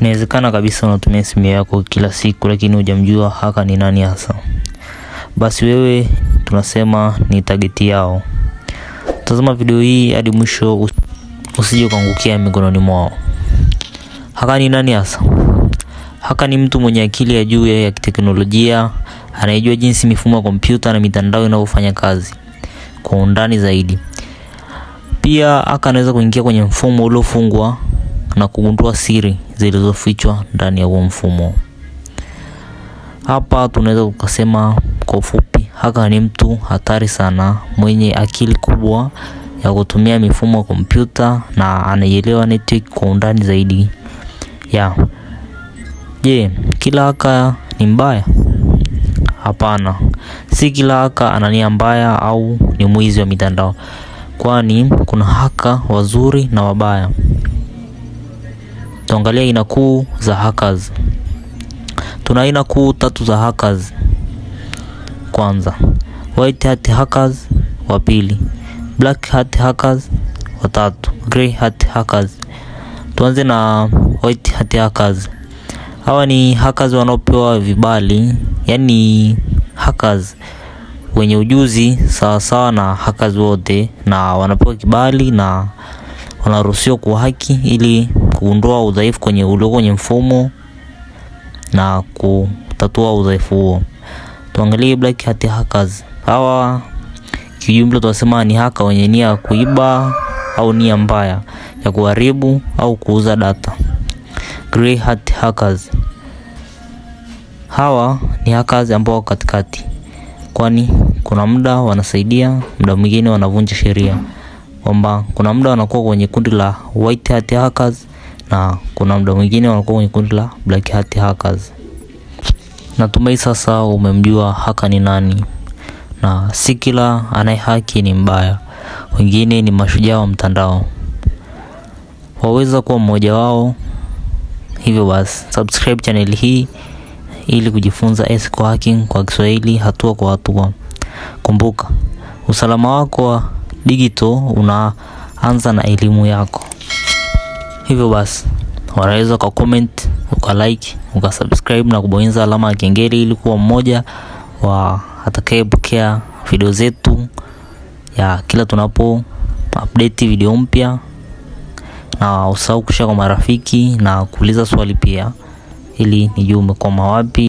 Inawezekana kabisa unatumia simu yako kila siku, lakini hujamjua haka ni nani hasa. Basi wewe tunasema ni tageti yao. Tazama video hii hadi mwisho, usije kuangukia mikononi mwao. Haka ni nani hasa? Haka ni mtu mwenye akili ya juu ya kiteknolojia, anayejua jinsi mifumo ya kompyuta na mitandao inavyofanya kazi kwa undani zaidi. Pia haka anaweza kuingia kwenye mfumo uliofungwa na kugundua siri zilizofichwa ndani ya huo mfumo. Hapa tunaweza tukasema kwa ufupi, haka ni mtu hatari sana mwenye akili kubwa ya kutumia mifumo ya kompyuta na anaielewa network kwa undani zaidi ya Je, kila haka ni mbaya? Hapana, si kila haka ana nia mbaya au ni mwizi wa mitandao, kwani kuna haka wazuri na wabaya. Tuangalia aina kuu za hackers. Tuna aina kuu tatu za hackers. Kwanza, white hat hackers, wa pili black hat hackers, wa tatu grey hat hackers. Tuanze na white hat hackers. Hawa ni hackers wanaopewa vibali, yani hackers wenye ujuzi sawasawa na hackers wote, na wanapewa kibali na wanaruhusiwa kwa haki ili kuondoa udhaifu kwenye ulio kwenye mfumo na kutatua udhaifu huo. Tuangalie black hat hackers. Hawa kijumla tunasema ni haka wenye nia ya kuiba au nia mbaya ya kuharibu au kuuza data. Grey hat hackers. Hawa ni hackers ambao katikati, kwani kuna muda wanasaidia, muda mwingine wanavunja sheria kwamba kuna muda wanakuwa kwenye kundi la white hat hackers na kuna muda mwingine wanakuwa kwenye kundi la black hat hackers. Natumai sasa umemjua haka ni nani, na si kila anayehaki ni mbaya, wengine ni mashujaa wa mtandao, waweza kuwa mmoja wao. Hivyo basi subscribe channel hii ili kujifunza ethical hacking kwa Kiswahili hatua kwa hatua. Kumbuka usalama wako digital unaanza na elimu yako. Hivyo basi wanaweza uka comment, uka like, uka subscribe na kubonyeza alama ya kengele ili kuwa mmoja wa atakayepokea video zetu ya kila tunapo update video mpya, na usahau kushare kwa marafiki na kuuliza swali pia, ili nijue umekoma wapi.